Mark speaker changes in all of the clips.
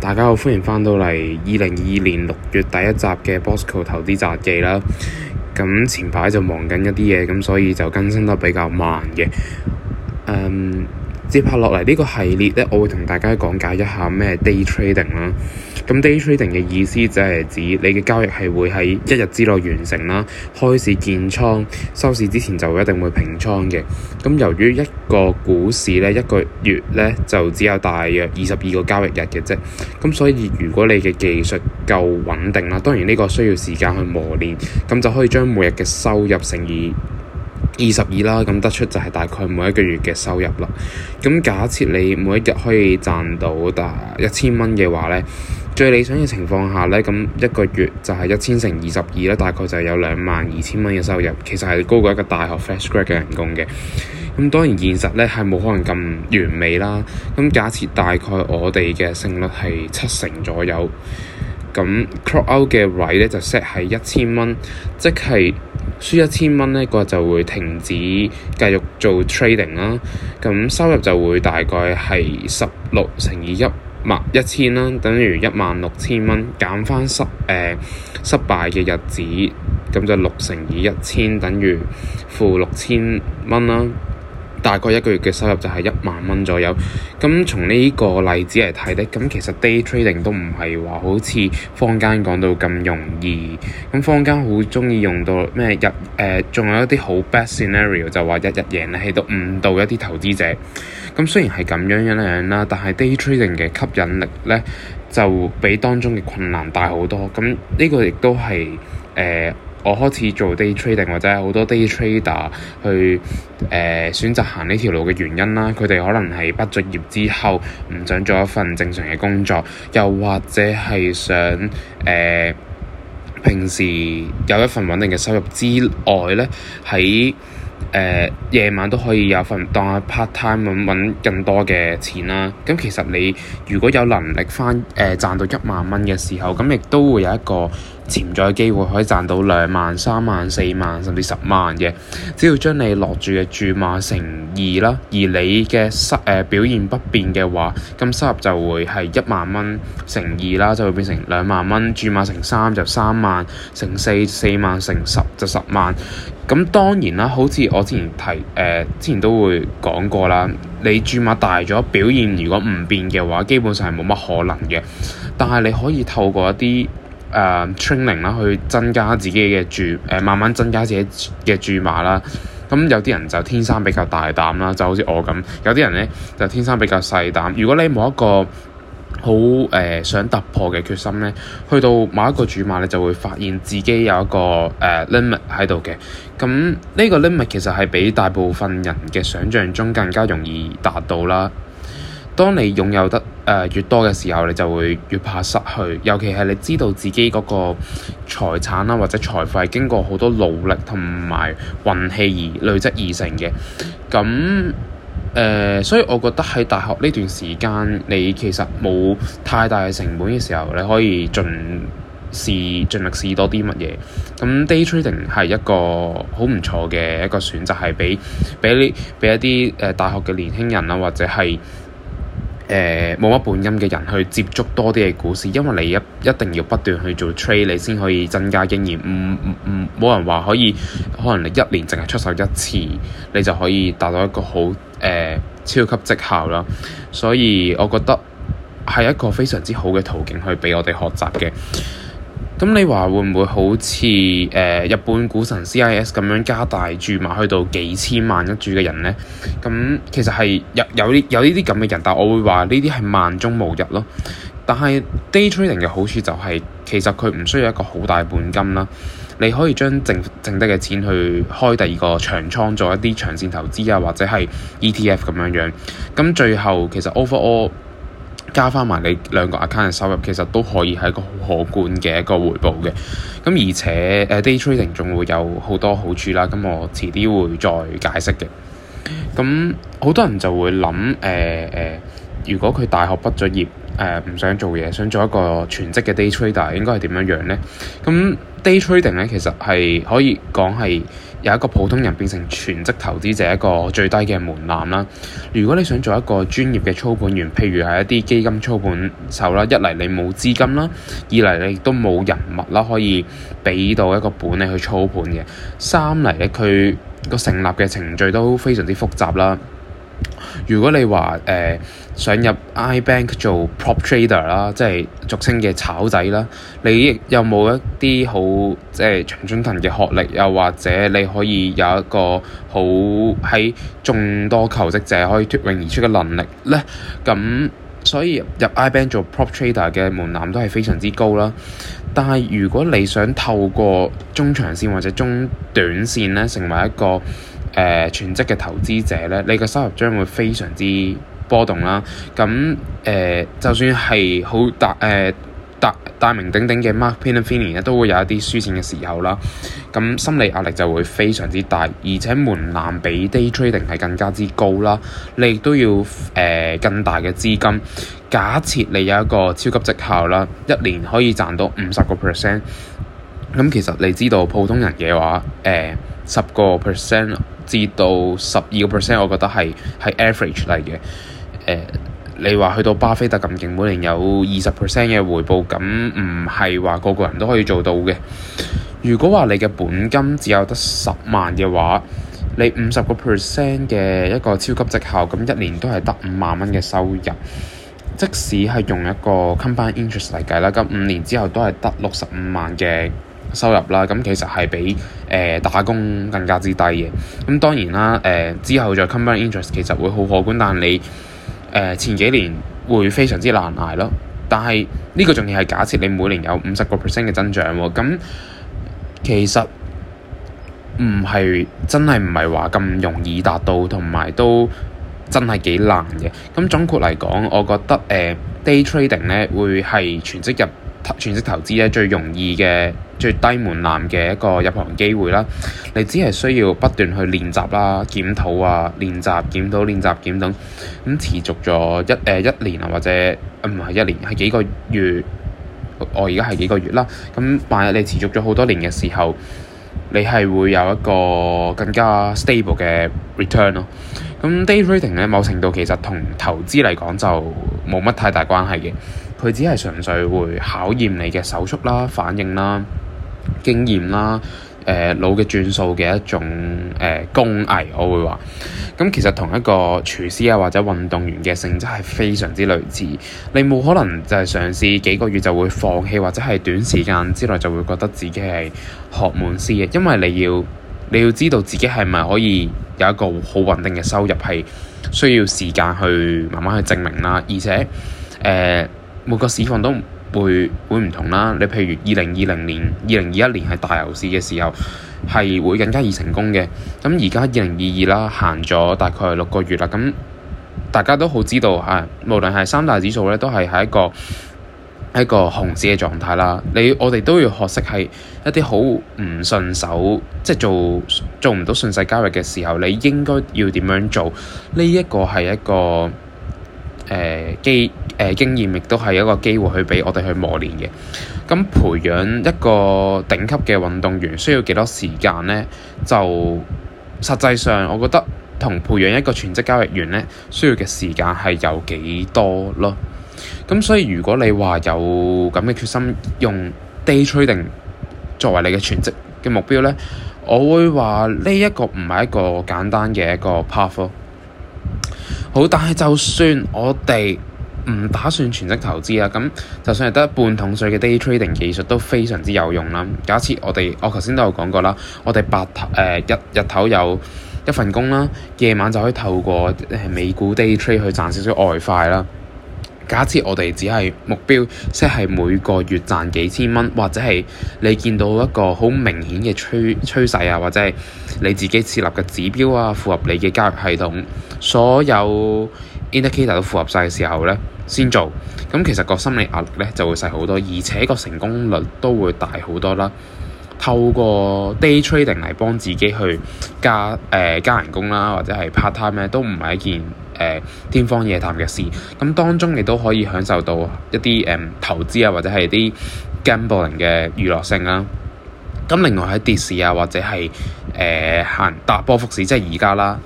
Speaker 1: 大家好，歡迎返到嚟二零二二年六月第一集嘅 Bosco 投資雜技啦。咁前排就忙緊一啲嘢，咁所以就更新得比較慢嘅。嗯、um。接下落嚟呢個系列呢，我會同大家講解一下咩 day trading 啦。咁 day trading 嘅意思就係指你嘅交易係會喺一日之內完成啦，開始建倉，收市之前就一定會平倉嘅。咁由於一個股市呢，一個月呢，就只有大約二十二個交易日嘅啫，咁所以如果你嘅技術夠穩定啦，當然呢個需要時間去磨練，咁就可以將每日嘅收入乘以。二十二啦，咁得出就係大概每一個月嘅收入啦。咁假設你每一日可以賺到達一千蚊嘅話呢，最理想嘅情況下呢，咁一個月就係一千乘二十二啦，大概就係有兩萬二千蚊嘅收入。其實係高過一個大學 fresh grad 嘅人工嘅。咁當然現實呢係冇可能咁完美啦。咁假設大概我哋嘅勝率係七成左右，咁 call out 嘅位呢，就 set 係一千蚊，即係。1 輸一千蚊呢個就會停止繼續做 trading 啦。咁收入就會大概係十六乘以一萬一千啦，等於一萬六千蚊。減翻失誒、呃、失敗嘅日子，咁就六乘以一千，等於負六千蚊啦。大概一個月嘅收入就係一萬蚊左右，咁從呢個例子嚟睇呢，咁其實 day trading 都唔係話好似坊間講到咁容易，咁坊間好鍾意用到咩日誒，仲、呃、有一啲好 best scenario 就話日日贏起到誤導一啲投資者，咁雖然係咁樣樣樣啦，但係 day trading 嘅吸引力咧就比當中嘅困難大好多，咁呢個亦都係誒。呃我開始做 day trading 或者好多 day trader 去誒、呃、選擇行呢條路嘅原因啦，佢哋可能係畢咗業之後唔想做一份正常嘅工作，又或者係想誒、呃、平時有一份穩定嘅收入之外咧，喺誒夜晚都可以有份當 part time 揾揾更多嘅錢啦。咁其實你如果有能力翻誒、呃、賺到一萬蚊嘅時候，咁亦都會有一個。潛在嘅機會可以賺到兩萬、三萬、四萬甚至十萬嘅，只要將你落住嘅注碼乘二啦，而你嘅失誒、呃、表現不變嘅話，咁收入就會係一萬蚊乘二啦，就會變成兩萬蚊。注碼乘三就三萬，乘四四萬，乘十就十萬。咁當然啦，好似我之前提誒、呃、之前都會講過啦，你注碼大咗，表現如果唔變嘅話，基本上係冇乜可能嘅。但係你可以透過一啲誒 training 啦，呃、training, 去增加自己嘅注，誒、呃、慢慢增加自己嘅注碼啦。咁有啲人就天生比較大膽啦，就好似我咁；有啲人咧就天生比較細膽。如果你冇一個好誒、呃、想突破嘅決心咧，去到某一個注碼，你就會發現自己有一個誒 limit 喺度嘅。咁、呃、呢個 limit 其實係比大部分人嘅想象中更加容易達到啦。當你擁有得越多嘅時候，你就會越怕失去。尤其係你知道自己嗰個財產啊，或者財富係經過好多努力同埋運氣而累積而成嘅。咁、呃、所以我覺得喺大學呢段時間，你其實冇太大嘅成本嘅時候，你可以盡試盡力試多啲乜嘢。咁 day trading 係一個好唔錯嘅一個選擇，係畀畀啲畀一啲大學嘅年輕人啊，或者係，誒冇乜本音嘅人去接觸多啲嘅股市，因為你一一定要不斷去做 trade，你先可以增加經驗。唔唔唔，冇、嗯嗯、人話可以，可能你一年淨係出手一次，你就可以達到一個好誒、呃、超級績效啦。所以我覺得係一個非常之好嘅途徑去畀我哋學習嘅。咁你話會唔會好似誒、呃、日本股神 CIS 咁樣加大注碼去到幾千萬一注嘅人咧？咁其實係有有呢有呢啲咁嘅人，但係我會話呢啲係萬中無一咯。但係 day trading 嘅好處就係、是、其實佢唔需要一個好大嘅本金啦，你可以將淨淨低嘅錢去開第二個長倉做一啲長線投資啊，或者係 ETF 咁樣樣。咁最後其實 overall。加翻埋你兩個 account 嘅收入，其實都可以係一個好可觀嘅一個回報嘅。咁而且誒、呃、day trading 仲會有好多好處啦。咁我遲啲會再解釋嘅。咁好多人就會諗誒誒，如果佢大學畢咗業，誒、呃、唔想做嘢，想做一個全職嘅 day trader，應該係點樣樣咧？咁 day trading 咧，其實係可以講係。由一個普通人變成全職投資者，一個最低嘅門檻啦。如果你想做一個專業嘅操盤員，譬如係一啲基金操盤手啦，一嚟你冇資金啦，二嚟你亦都冇人脈啦，可以畀到一個本你去操盤嘅。三嚟咧，佢個成立嘅程序都非常之複雜啦。如果你話誒想入 iBank 做 prop trader 啦，即係俗稱嘅炒仔啦，你有冇一啲好即係長春藤嘅學歷，又或者你可以有一個好喺眾多求職者可以脫穎而出嘅能力咧？咁所以入 iBank 做 prop trader 嘅門檻都係非常之高啦。但係如果你想透過中長線或者中短線咧，成為一個全職嘅投資者呢，你嘅收入將會非常之波動啦。咁誒、呃，就算係好大誒、呃、大大名鼎鼎嘅 Mark Minervini 咧，都會有一啲輸錢嘅時候啦。咁心理壓力就會非常之大，而且門檻比 day trading 係更加之高啦。你亦都要誒、呃、更大嘅資金。假設你有一個超級績效啦，一年可以賺到五十個 percent，咁其實你知道普通人嘅話誒十個 percent，呃至到十二個 percent，我覺得係係 average 嚟嘅。誒、呃，你話去到巴菲特咁勁，每年有二十 percent 嘅回報，咁唔係話個個人都可以做到嘅。如果話你嘅本金只有得十萬嘅話，你五十個 percent 嘅一個超級績效，咁一年都係得五萬蚊嘅收入。即使係用一個 compound interest 嚟計啦，咁五年之後都係得六十五萬嘅。收入啦，咁其實係比誒、呃、打工更加之低嘅。咁當然啦，誒、呃、之後再 compound interest 其實會好可觀，但係你誒、呃、前幾年會非常之難捱咯。但係呢、這個仲要係假設你每年有五十個 percent 嘅增長喎。咁其實唔係真係唔係話咁容易達到，同埋都真係幾難嘅。咁總括嚟講，我覺得誒、呃、day trading 呢會係全職入。全職投資最容易嘅最低門檻嘅一個入行機會啦，你只係需要不斷去練習啦、檢討啊、練習、檢討、練習、檢討等，咁、嗯、持續咗一誒一年啊，或者唔係、啊、一年係幾個月，我而家係幾個月啦。咁、嗯、萬一你持續咗好多年嘅時候，你係會有一個更加 stable 嘅 return 咯。咁、嗯、day trading 咧，某程度其實同投資嚟講就冇乜太大關係嘅。佢只係純粹會考驗你嘅手速啦、反應啦、經驗啦、誒腦嘅轉數嘅一種誒、呃、工藝，我會話咁。其實同一個廚師啊，或者運動員嘅性質係非常之類似。你冇可能就係嘗試幾個月就會放棄，或者係短時間之內就會覺得自己係學滿師嘅，因為你要你要知道自己係咪可以有一個好穩定嘅收入，係需要時間去慢慢去證明啦。而且誒，呃每個市況都會會唔同啦。你譬如二零二零年、二零二一年係大牛市嘅時候，係會更加易成功嘅。咁而家二零二二啦，行咗大概六個月啦。咁大家都好知道係、啊，無論係三大指數咧，都係喺一個喺個熊市嘅狀態啦。你我哋都要學識係一啲好唔順手，即係做做唔到順勢交易嘅時候，你應該要點樣做？呢一個係一個。誒經誒經驗亦都係一個機會去畀我哋去磨練嘅，咁培養一個頂級嘅運動員需要幾多時間咧？就實際上，我覺得同培養一個全職交易員咧需要嘅時間係有幾多咯。咁所以如果你話有咁嘅決心，用 day trading 作為你嘅全職嘅目標咧，我會話呢一個唔係一個簡單嘅一個 path 咯。好，但係就算我哋唔打算全職投資啦，咁就算係得半桶水嘅 day trading 技術都非常之有用啦。假設我哋，我頭先都有講過啦，我哋白頭、呃、日日頭有一份工啦，夜晚就可以透過誒美股 day trading 去賺少少外快啦。假設我哋只係目標，即係每個月賺幾千蚊，或者係你見到一個好明顯嘅趨趨勢啊，或者係你自己設立嘅指標啊，符合你嘅交易系統。所有 indicator 都符合晒嘅時候咧，先做，咁其實個心理壓力咧就會細好多，而且個成功率都會大好多啦。透過 day trading 嚟幫自己去加誒、呃、加人工啦，或者係 part time 咧，都唔係一件誒、呃、天方夜談天方夜譚嘅事。咁當中你都可以享受到一啲誒、嗯、投資啊，或者係啲 gambling 嘅娛樂性啦。咁另外喺跌市啊，或者係誒、呃、行大波幅市，即係而家啦。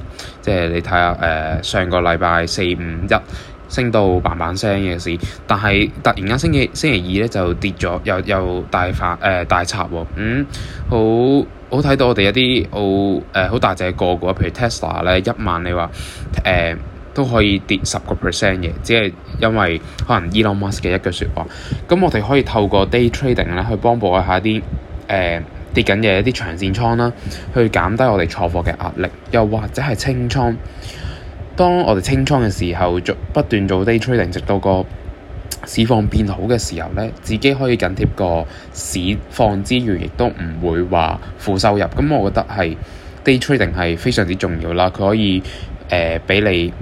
Speaker 1: 即係你睇下誒、呃，上個禮拜四、五、一升到嘭嘭聲嘅市，但係突然間星期星期二咧就跌咗，又又大反誒、呃、大插喎、哦，嗯，好好睇到我哋一啲澳誒好大隻個嘅，譬如 Tesla 咧一萬，你話誒都可以跌十個 percent 嘅，只係因為可能 Elon Musk 嘅一句説話，咁我哋可以透過 day trading 咧去幫補一下啲誒。呃跌緊嘅一啲長線倉啦，去減低我哋錯貨嘅壓力，又或者係清倉。當我哋清倉嘅時候，做不斷做 day trading 直到個市況變好嘅時候咧，自己可以緊貼個市況之餘，亦都唔會話負收入。咁我覺得係 day trading 係非常之重要啦，佢可以誒俾、呃、你誒。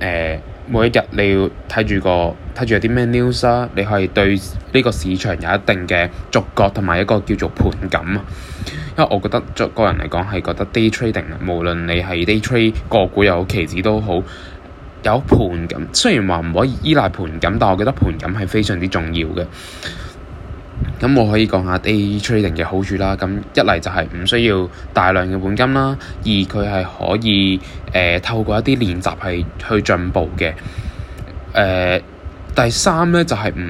Speaker 1: 呃每一日你要睇住個睇住有啲咩 news 啊，你可以對呢個市場有一定嘅觸覺同埋一個叫做盤感啊。因為我覺得作個人嚟講係覺得 day trading 啊，無論你係 day trade 個股又好，期指都好有盤感。雖然話唔可以依賴盤感，但我覺得盤感係非常之重要嘅。咁我可以講下 day trading 嘅好處啦。咁一嚟就係唔需要大量嘅本金啦，二佢係可以誒、呃、透過一啲練習係去進步嘅。誒、呃，第三咧就係、是、唔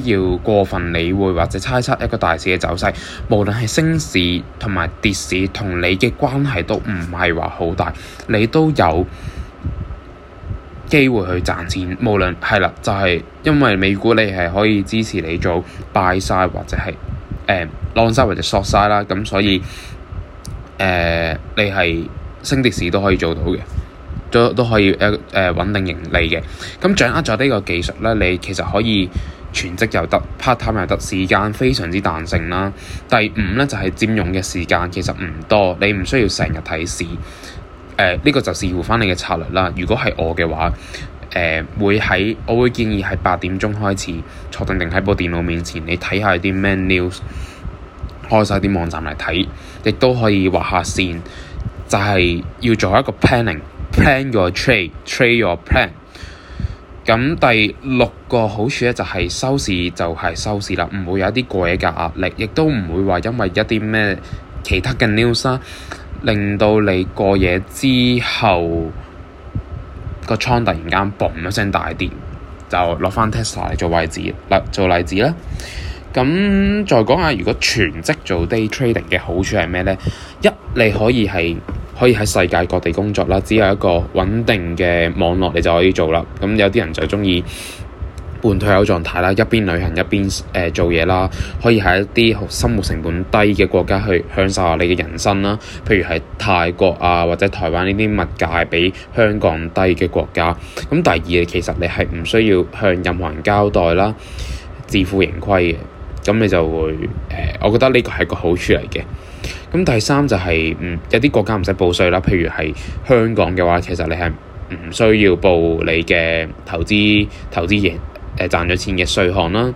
Speaker 1: 需要過分理會或者猜測一個大市嘅走勢，無論係升市同埋跌市，同你嘅關係都唔係話好大，你都有。機會去賺錢，無論係啦，就係、是、因為美股你係可以支持你做 buy side，或者係誒 long side 或者 short side 啦，咁所以誒、呃、你係升跌市都可以做到嘅，都都可以誒誒、呃呃、穩定盈利嘅。咁掌握咗呢個技術咧，你其實可以全職又得，part time 又得，時間非常之彈性啦。第五咧就係、是、佔用嘅時間其實唔多，你唔需要成日睇市。誒呢、呃這個就視乎返你嘅策略啦。如果係我嘅話，誒、呃、會喺，我會建議係八點鐘開始坐定定喺部電腦面前，你睇下啲咩 news，開晒啲網站嚟睇，亦都可以畫下線。就係、是、要做一個 planning，plan plan your trade，trade trade your plan。咁第六個好處咧就係收市就係收市啦，唔會有一啲過夜嘅壓力，亦都唔會話因為一啲咩其他嘅 news 啊。令到你過夜之後，個倉突然間嘣一聲大啲就落翻 Tesla 嚟做位置。例做例子啦。咁再講下，如果全職做 day trading 嘅好處係咩咧？一，你可以係可以喺世界各地工作啦，只有一個穩定嘅網絡你就可以做啦。咁有啲人就鍾意。半退休狀態啦，一邊旅行一邊誒、呃、做嘢啦，可以喺一啲生活成本低嘅國家去享受下你嘅人生啦。譬如係泰國啊，或者台灣呢啲物價比香港低嘅國家。咁第二，其實你係唔需要向任何人交代啦，自負盈虧嘅，咁你就會誒、呃，我覺得呢個係個好處嚟嘅。咁第三就係、是、嗯，有啲國家唔使報稅啦，譬如係香港嘅話，其實你係唔需要報你嘅投資投資盈。誒賺咗錢嘅稅項啦，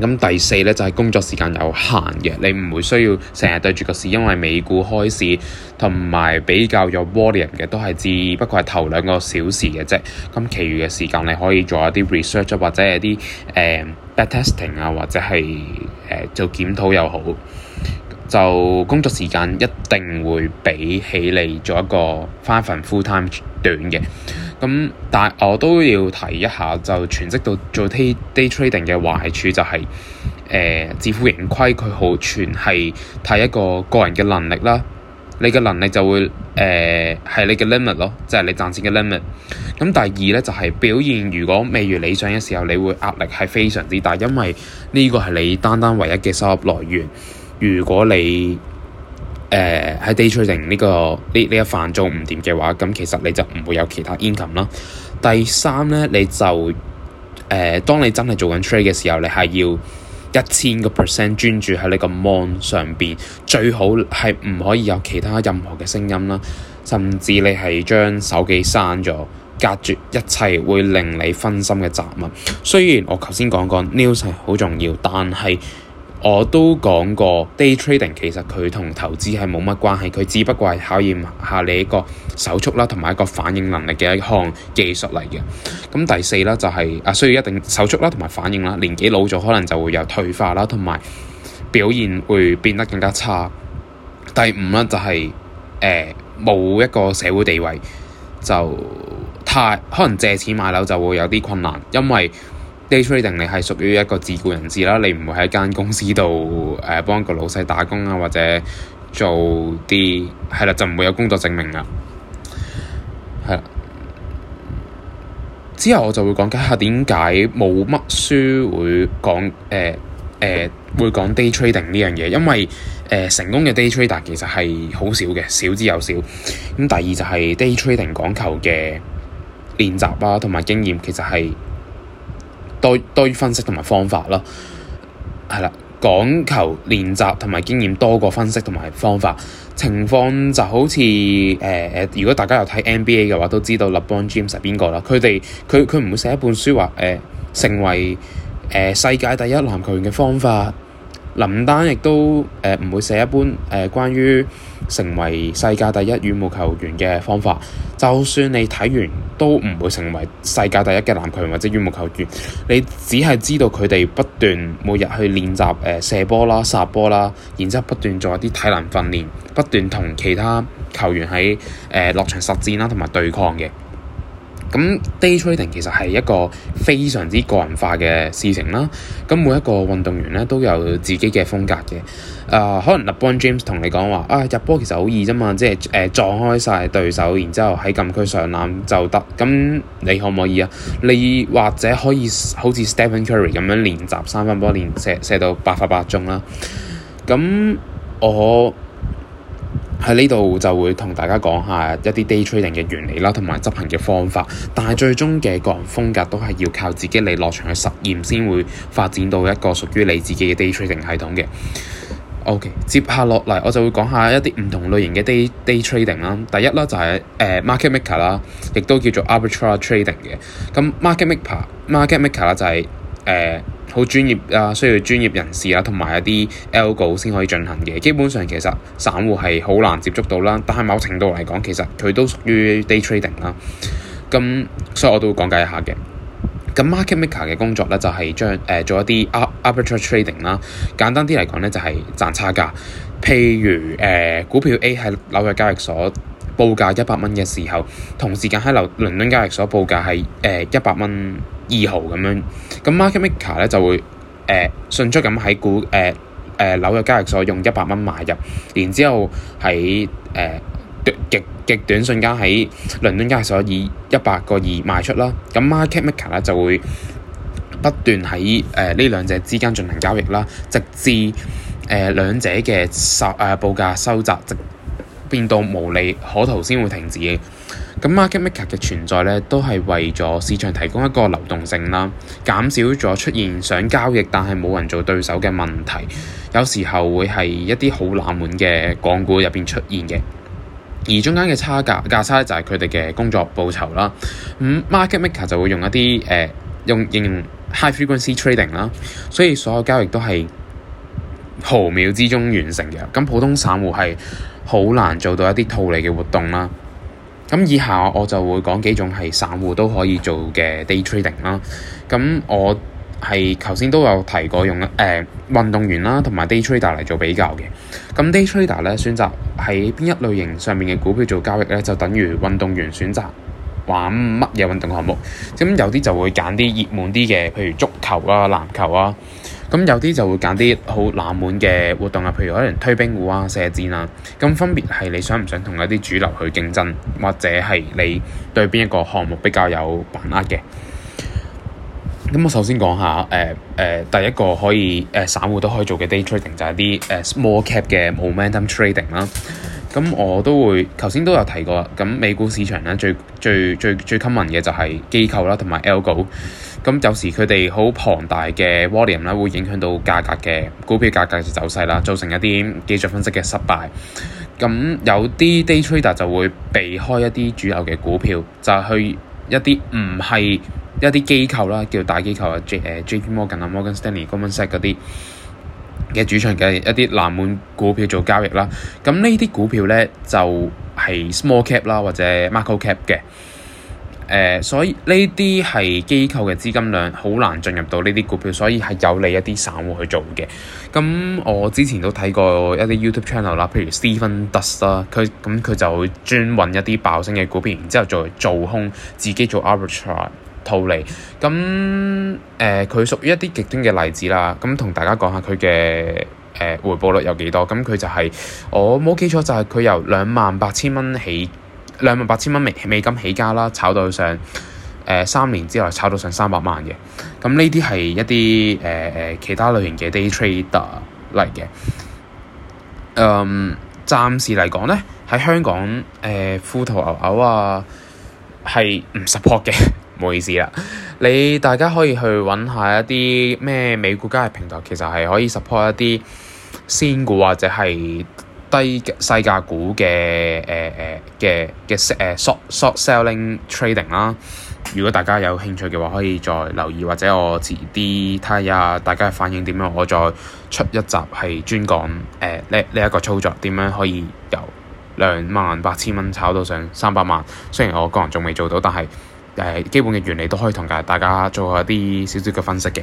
Speaker 1: 咁第四咧就係、是、工作時間有限嘅，你唔會需要成日對住個市，因為美股開市同埋比較有 volume 嘅都係只不過係頭兩個小時嘅啫，咁其餘嘅時間你可以做一啲 research 或者係啲誒 backtesting 啊，或者係誒、呃、做檢討又好。就工作時間一定會比起你做一個返一份 full time 短嘅咁，但係我都要提一下就全職到做 day, day trading 嘅壞處就係誒自負盈虧，佢好全係睇一個個人嘅能力啦。你嘅能力就會誒係、呃、你嘅 limit 咯，即係你賺錢嘅 limit。咁第二咧就係、是、表現，如果未如理想嘅時候，你會壓力係非常之大，因為呢個係你單單唯一嘅收入來源。如果你誒喺、呃、day trading 呢、這個呢呢一範疇唔掂嘅話，咁其實你就唔會有其他 income 啦。第三咧，你就誒、呃，當你真係做緊 trade 嘅時候，你係要一千個 percent 專注喺你個 mon 上邊，最好係唔可以有其他任何嘅聲音啦，甚至你係將手機閂咗，隔絕一切會令你分心嘅雜物。雖然我頭先講過 news 係好重要，但係我都講過，day trading 其實佢同投資係冇乜關係，佢只不過係考驗下你一個手速啦，同埋一個反應能力嘅一項技術嚟嘅。咁第四啦，就係啊需要一定手速啦，同埋反應啦。年紀老咗可能就會有退化啦，同埋表現會變得更加差。第五啦，就係誒冇一個社會地位，就太可能借錢買樓就會有啲困難，因為，Day trading 你係屬於一個自僱人士啦，你唔會喺間公司度誒、呃、幫個老細打工啊，或者做啲係啦，就唔會有工作證明啦。係啦，之後我就會講解下點解冇乜書會講誒誒、呃呃、會講 day trading 呢樣嘢，因為誒、呃、成功嘅 day trader 其實係好少嘅，少之又少。咁第二就係 day trading 講求嘅練習啦、啊，同埋經驗其實係。多多於分析同埋方法咯，係啦，講求練習同埋經驗多過分析同埋方法。情況就好似誒誒，如果大家有睇 NBA 嘅話，都知道 LeBron James 係邊個啦。佢哋佢佢唔會寫一本書話誒、呃、成為誒、呃、世界第一籃球員嘅方法。林丹亦都誒唔、呃、會寫一本誒、呃、關於。成為世界第一羽毛球員嘅方法，就算你睇完都唔會成為世界第一嘅籃球員或者羽毛球員。你只係知道佢哋不斷每日去練習、呃、射波啦、殺波啦，然之後不斷做一啲體能訓練，不斷同其他球員喺誒、呃、落場實戰啦，同埋對抗嘅。咁 day trading 其實係一個非常之個人化嘅事情啦。咁每一個運動員咧都有自己嘅風格嘅、呃。啊，可能 LeBron James 同你講話，啊入波其實好易啫嘛，即係誒、呃、撞開晒對手，然之後喺禁區上籃就得。咁你可唔可以啊？你或者可以好似 Stephen Curry 咁樣練習三分波，練射射到百發百中啦。咁我。喺呢度就會同大家講下一啲 day trading 嘅原理啦，同埋執行嘅方法。但係最終嘅個人風格都係要靠自己嚟落場去實驗，先會發展到一個屬於你自己嘅 day trading 系統嘅。OK，接下落嚟我就會講下一啲唔同類型嘅 day day trading 啦。第一啦就係、是、誒、呃、market maker 啦，亦都叫做 arbitrary trading 嘅。咁 market maker market maker 啦就係、是、誒。呃好專業啊，需要專業人士啊，同埋一啲 algo 先可以進行嘅。基本上其實散戶係好難接觸到啦，但係某程度嚟講，其實佢都屬於 day trading 啦。咁所以我都會講解一下嘅。咁 market maker 嘅工作咧就係、是、將誒、呃、做一啲 ar arbitrage trading 啦。簡單啲嚟講咧就係、是、賺差價。譬如誒、呃、股票 A 喺紐約交易所。報價一百蚊嘅時候，同時間喺樓倫敦交易所報價係誒一百蚊二毫咁樣，咁 market maker 咧就會誒、呃、迅速咁喺股誒誒紐約嘅交易所用一百蚊買入，然之後喺誒極極短瞬間喺倫敦交易所以一百個二賣出啦，咁 market maker 咧就會不斷喺誒呢兩者之間進行交易啦，直至誒兩、呃、者嘅收誒、呃、報價收窄，直變到無利可圖先會停止。咁 market maker 嘅存在呢，都係為咗市場提供一個流動性啦，減少咗出現想交易但係冇人做對手嘅問題。有時候會係一啲好冷門嘅港股入邊出現嘅。而中間嘅差價價差就係佢哋嘅工作報酬啦。咁 market maker 就會用一啲誒、呃、用應用 high frequency trading 啦，所以所有交易都係毫秒之中完成嘅。咁普通散戶係好難做到一啲套利嘅活動啦。咁以下我就會講幾種係散戶都可以做嘅 day trading 啦。咁我係頭先都有提過用誒、呃、運動員啦同埋 day trader 嚟做比較嘅。咁 day trader 咧選擇喺邊一類型上面嘅股票做交易咧，就等於運動員選擇玩乜嘢運動項目。咁有啲就會揀啲熱門啲嘅，譬如足球啊、籃球啊。咁有啲就會揀啲好冷門嘅活動啊，譬如可能推冰壺啊、射箭啊。咁分別係你想唔想同一啲主流去競爭，或者係你對邊一個項目比較有把握嘅。咁我首先講下，誒、呃、誒、呃，第一個可以誒，散、呃、戶都可以做嘅 day trading 就係啲誒 small cap 嘅 momentum trading 啦。咁我都會頭先都有提過。咁美股市場咧最最最最 common 嘅就係機構啦，同埋 algo。咁有時佢哋好龐大嘅 volume 啦，會影響到價格嘅股票價格嘅走勢啦，造成一啲技術分析嘅失敗。咁有啲 day trader 就會避開一啲主流嘅股票，就去一啲唔係一啲機構啦，叫大機構啊，J 誒 JP Morgan 啊、Morgan Stanley、Goldman Sachs 嗰啲嘅主場嘅一啲藍籌股票做交易啦。咁呢啲股票咧就係、是、small cap 啦，或者 micro cap 嘅。誒、呃，所以呢啲係機構嘅資金量好難進入到呢啲股票，所以係有利一啲散戶去做嘅。咁我之前都睇過一啲 YouTube channel 啦，譬如 Steven Dux 啦，佢咁佢就專揾一啲爆升嘅股票，然之後再做空，自己做 arbitrage 套利。咁誒，佢屬於一啲極端嘅例子啦。咁同大家講下佢嘅誒回報率有幾多？咁佢就係、是、我冇記錯就係、是、佢由兩萬八千蚊起。兩萬八千蚊美美金起家啦，炒到上三、呃、年之內炒到上三百萬嘅。咁呢啲係一啲誒誒其他類型嘅 day trader 嚟嘅。嗯，暫時嚟講咧，喺香港誒、呃、富途牛牛啊，係唔 support 嘅，唔好意思啦。你大家可以去揾下一啲咩美股交嘅平台，其實係可以 support 一啲先股或者係。低嘅細價股嘅誒誒嘅嘅誒 short short selling trading 啦，如果大家有興趣嘅話，可以再留意或者我遲啲睇下大家嘅反應點樣。我再出一集係專講誒呢呢一個操作點樣可以由兩萬八千蚊炒到上三百萬。雖然我個人仲未做到，但係誒、呃、基本嘅原理都可以同大家做下啲少少嘅分析嘅。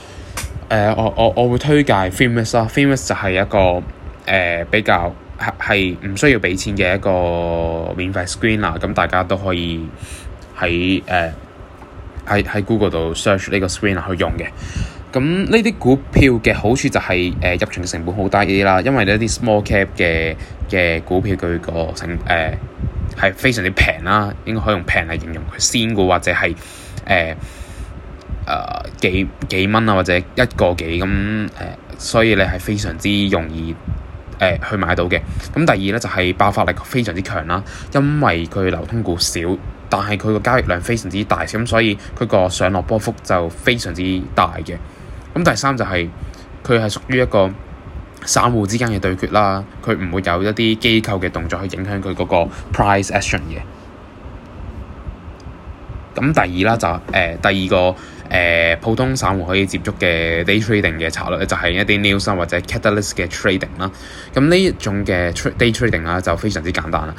Speaker 1: 誒、呃、我我我會推介 Famous 啦，Famous 就係一個誒、呃、比較係係唔需要畀錢嘅一個免費 screen 啦、er, 嗯，咁大家都可以喺誒喺、呃、喺 Google 度 search 呢個 screen、er、去用嘅。咁呢啲股票嘅好處就係、是、誒、呃、入場嘅成本好低啲啦，因為呢啲 small cap 嘅嘅股票佢個成誒係、呃、非常之平啦，應該可以用平嚟形容佢先嘅，或者係誒、呃誒幾幾蚊啊，或者一個幾咁誒，所以你係非常之容易誒、呃、去買到嘅。咁第二咧就係、是、爆發力非常之強啦，因為佢流通股少，但係佢個交易量非常之大，咁所以佢個上落波幅就非常之大嘅。咁第三就係佢係屬於一個散戶之間嘅對決啦，佢唔會有一啲機構嘅動作去影響佢嗰個 price action 嘅。咁第二啦就誒、呃、第二個。普通散戶可以接觸嘅 day trading 嘅策略就係、是、一啲 news 或者 catalyst 嘅 trading 啦。咁呢一種嘅 tra day trading 啦，就非常之簡單啦。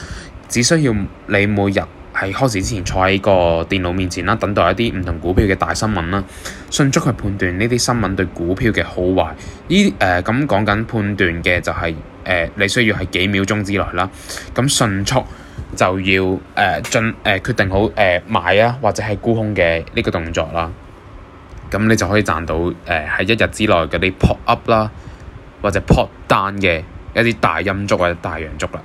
Speaker 1: 只需要你每日喺開始之前坐喺個電腦面前啦，等待一啲唔同股票嘅大新聞啦，迅速去判斷呢啲新聞對股票嘅好壞。依誒咁講緊判斷嘅就係、是、誒、呃、你需要喺幾秒鐘之內啦。咁迅速就要誒進誒決定好誒、呃、買啊，或者係沽空嘅呢個動作啦。咁你就可以賺到誒喺、呃、一日之內嗰啲 pop up 啦，或者 pop down 嘅一啲大陰燭或者大陽燭啦。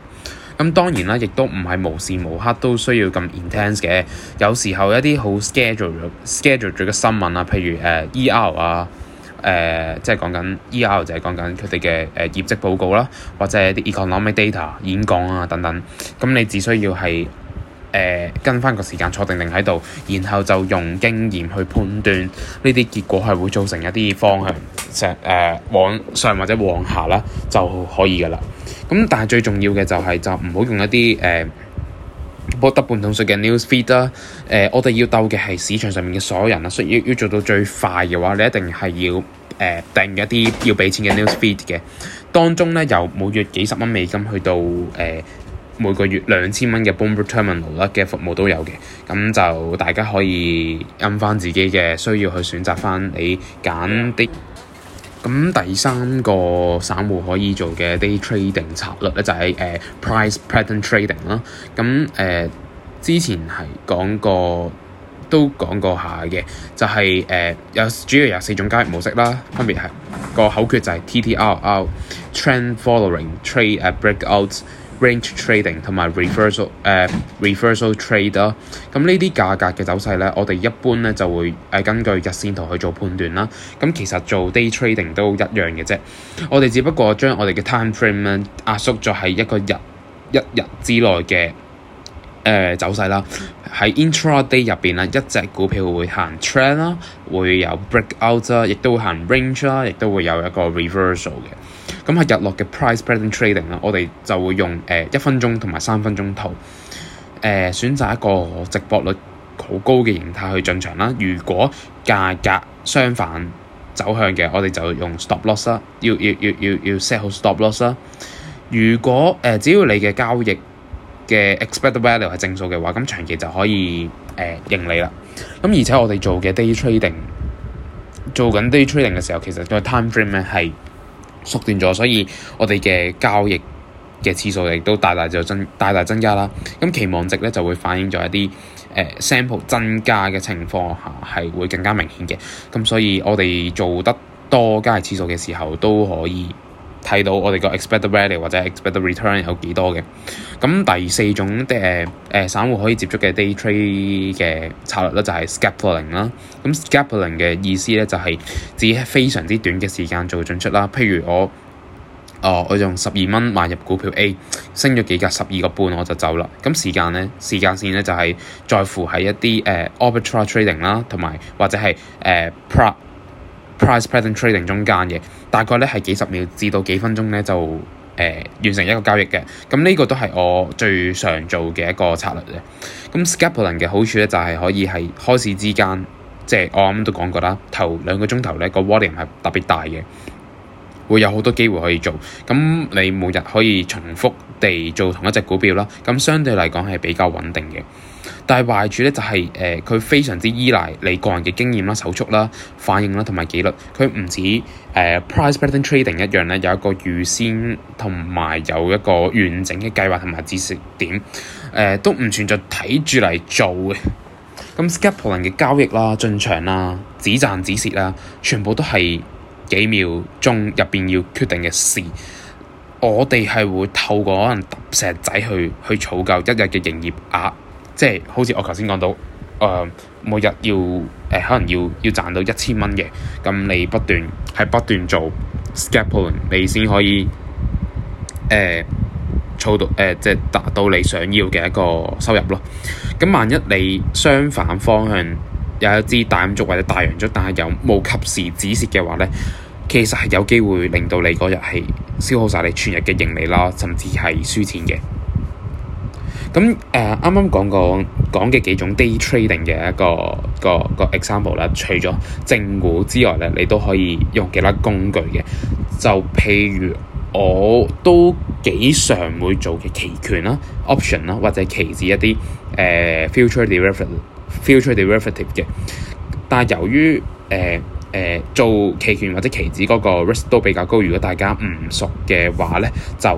Speaker 1: 咁當然啦，亦都唔係無時無刻都需要咁 intense 嘅。有時候一啲好 scheduled、scheduled 嘅新聞啊，譬如誒、呃、ER 啊，誒、呃、即係講緊 ER 就係講緊佢哋嘅誒業績報告啦，或者啲 economic data 演講啊等等。咁你只需要係。呃、跟返個時間坐定定喺度，然後就用經驗去判斷呢啲結果係會造成一啲方向上、呃、往上或者往下啦，就可以㗎喇。咁、嗯、但係最重要嘅就係、是、就唔好用一啲誒波得半桶水嘅 news feed 啦。誒、呃，我哋要鬥嘅係市場上面嘅所有人啦，所以要，要做到最快嘅話，你一定係要誒、呃、訂一啲要畀錢嘅 news feed 嘅，當中咧由每月幾十蚊美金去到誒。呃每個月兩千蚊嘅 Bloomberg Terminal 啦嘅服務都有嘅，咁就大家可以按翻自己嘅需要去選擇翻你揀啲。咁 第三個散戶可以做嘅 Day trading 策略咧，就係、是 uh, price pattern trading 啦。咁誒、uh, 之前係講過都講過下嘅，就係、是、誒、uh, 有主要有四種交易模式啦，分別係、那個口訣就係 T T R trend following trade at breakout。range trading 同埋 reversal 誒、呃、reversal trade 咯、啊，咁呢啲價格嘅走勢咧，我哋一般咧就會誒根據日線圖去做判斷啦。咁、啊、其實做 day trading 都一樣嘅啫，我哋只不過將我哋嘅 time frame 咧壓縮咗喺一個日一日之內嘅誒、呃、走勢啦。喺、啊、intraday 入邊咧，一隻股票會行 trend 啦、啊，會有 breakout 啦、啊，亦都會行 range 啦、啊，亦都會有一個 reversal 嘅。咁喺日落嘅 price pattern trading 啦，trading, 我哋就會用誒一、呃、分鐘同埋三分鐘圖誒、呃，選擇一個值博率好高嘅形態去進場啦。如果價格相反走向嘅，我哋就用 stop loss，要要要要要 set 好 stop loss 啦。如果誒、呃、只要你嘅交易嘅 expect value 係正數嘅話，咁長期就可以誒盈利啦。咁、呃、而且我哋做嘅 day trading 做緊 day trading 嘅時候，其實個 time frame 咧係。縮短咗，所以我哋嘅交易嘅次數亦都大大就增大大增加啦。咁期望值呢就會反映咗一啲誒、呃、sample 增加嘅情況下，係會更加明顯嘅。咁所以我哋做得多交易次數嘅時候都可以。睇到我哋個 expected value 或者 expected return 有幾多嘅。咁第四種的誒誒，散、呃、戶、呃、可以接觸嘅 day trade 嘅策略咧，就係、是、scalping 啦。咁 scalping 嘅意思咧，就係、是、自己喺非常之短嘅時間做進出啦。譬如我，啊、哦，我用十二蚊買入股票 A，升咗幾格十二個半我就走啦。咁時間咧，時間線咧就係、是、在乎喺一啲 arbitrage trading 啦，同埋或者係誒。呃 Price present trading 中間嘅，大概咧係幾十秒至到幾分鐘咧就誒、呃、完成一個交易嘅，咁呢個都係我最常做嘅一個策略嘅。咁 scalping 嘅好處咧就係、是、可以係開市之間，即、就、係、是、我啱啱都講過啦，頭兩個鐘頭咧個 volume 係特別大嘅，會有好多機會可以做。咁你每日可以重複地做同一隻股票啦，咁相對嚟講係比較穩定嘅。但係壞處咧就係、是、誒，佢、呃、非常之依賴你個人嘅經驗啦、手速啦、反應啦同埋紀律。佢唔似誒 price trading 一樣咧，有一個預先同埋有一個完整嘅計劃同埋指示點。誒、呃、都唔存在睇住嚟做嘅。咁 scalping 嘅交易啦、進場啦、止賺止蝕啦，全部都係幾秒鐘入邊要決定嘅事。我哋係會透過可能揼石仔去去儲夠一日嘅營業額。即係好似我頭先講到，誒、呃、每日要誒、呃、可能要要賺到一千蚊嘅，咁你不斷係不斷做 scalping，你先可以誒做、呃、到誒、呃、即係達到你想要嘅一個收入咯。咁萬一你相反方向有一支大陰燭或者大陽燭，但係又冇及時止蝕嘅話咧，其實係有機會令到你嗰日係消耗晒你全日嘅盈利啦，甚至係輸錢嘅。咁誒啱啱講講講嘅幾種 day trading 嘅一個一個一個 example 啦，除咗正股之外咧，你都可以用幾粒工具嘅，就譬如我都幾常會做嘅期權啦、option 啦，或者期指一啲誒、呃、future derivative、future derivative 嘅。但係由於誒誒做期權或者期指嗰個 risk 都比較高，如果大家唔熟嘅話咧，就。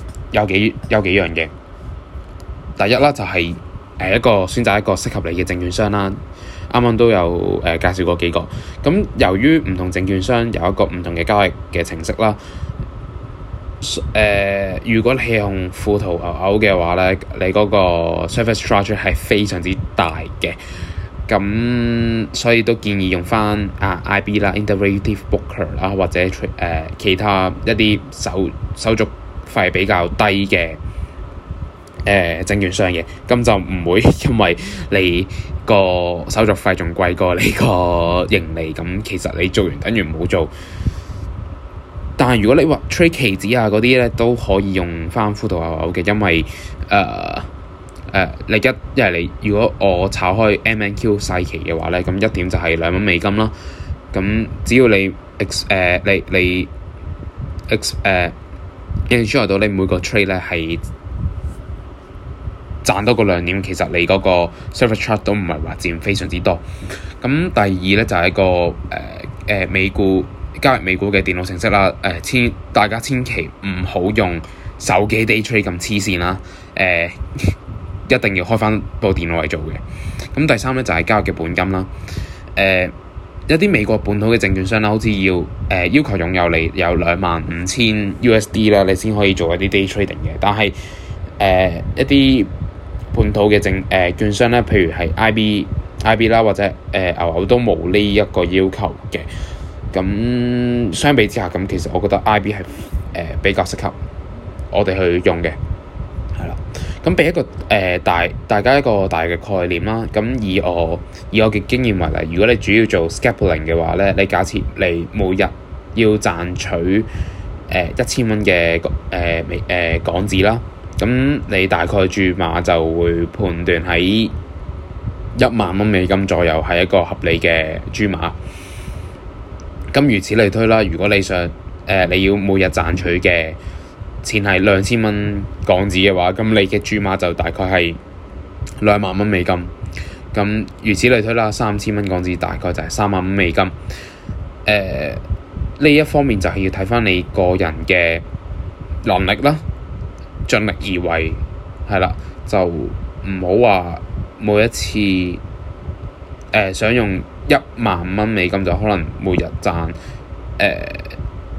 Speaker 1: 有幾有幾樣嘢？第一啦就係、是、誒一個選擇一個適合你嘅證券商啦，啱啱都有誒、呃、介紹過幾個。咁由於唔同證券商有一個唔同嘅交易嘅程式啦，誒、呃、如果你用富途牛牛嘅話咧，你嗰個 service charge 係非常之大嘅。咁所以都建議用翻啊 IB 啦，Interactive Brokers 啦，或者誒、呃、其他一啲手手續。費比較低嘅誒、呃、證券商嘅，咁就唔會因為你個手續費仲貴過你個盈利，咁其實你做完等於冇做。但係如果你話 trade 期指啊嗰啲咧，都可以用翻富途牛牛嘅，因為誒誒、呃呃，你一因為你如果我炒開 MNQ 細期嘅話咧，咁一點就係兩蚊美金啦。咁只要你 x 誒、呃、你你 x 誒、呃。入出嚟到你每個 trade 咧係賺多個亮點，其實你嗰個 surface chart 都唔係話佔非常之多。咁第二咧就係、是、一個誒誒、呃呃、美股加入美股嘅電腦程式啦。誒、呃、千大家千祈唔好用手機 day trade 咁黐線啦。誒、呃、一定要開翻部電腦嚟做嘅。咁第三咧就係、是、交易嘅本金啦。誒、呃。一啲美國本土嘅證券商咧，好似要誒、呃、要求擁有你有兩萬五千 USD 啦，你先可以做一啲 day trading 嘅。但係誒、呃、一啲本土嘅證誒、呃、券商咧，譬如係 IB、IB 啦，或者誒、呃、牛牛都冇呢一個要求嘅。咁相比之下，咁其實我覺得 IB 係誒、呃、比較適合我哋去用嘅。咁俾一個誒、呃、大大家一個大嘅概念啦。咁以我以我嘅經驗為例，如果你主要做 scalping 嘅話咧，你假設你每日要賺取誒一千蚊嘅誒美港紙啦，咁你大概注碼就會判斷喺一萬蚊美金左右係一個合理嘅注碼。咁如此類推啦，如果你想誒、呃、你要每日賺取嘅錢係兩千蚊港紙嘅話，咁你嘅注碼就大概係兩萬蚊美金。咁如此類推啦，三千蚊港紙大概就係三萬五美金。誒、呃，呢一方面就係要睇翻你個人嘅能力啦，盡力而為係啦，就唔好話每一次誒、呃、想用一萬蚊美金就可能每日賺誒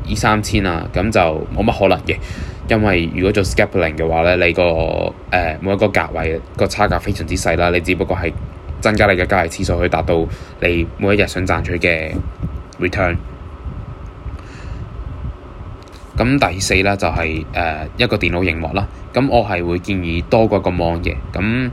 Speaker 1: 二三千啊，咁、呃、就冇乜可能嘅。因為如果做 scalping 嘅話呢，你個誒、呃、每一個格位個差價非常之細啦，你只不過係增加你嘅交易次數，去以達到你每一日想賺取嘅 return。咁第四咧就係、是、誒、呃、一個電腦熒幕啦。咁我係會建議多過一個 mon 嘅。咁誒、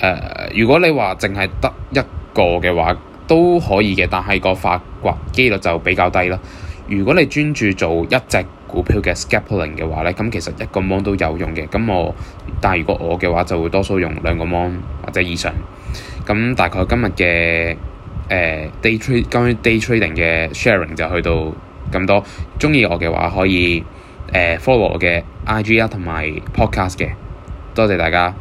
Speaker 1: 呃、如果你話淨係得一個嘅話都可以嘅，但係個發掘機率就比較低啦。如果你專注做一隻。股票嘅 scalping 嘅話咧，咁其實一個 mon 都有用嘅。咁我，但係如果我嘅話就會多數用兩個 mon 或者以上。咁大概今日嘅誒 day trade 關於 day trading 嘅 sharing 就去到咁多。鍾意我嘅話可以誒、呃、follow 我嘅 IG 啊同埋 podcast 嘅。多謝大家。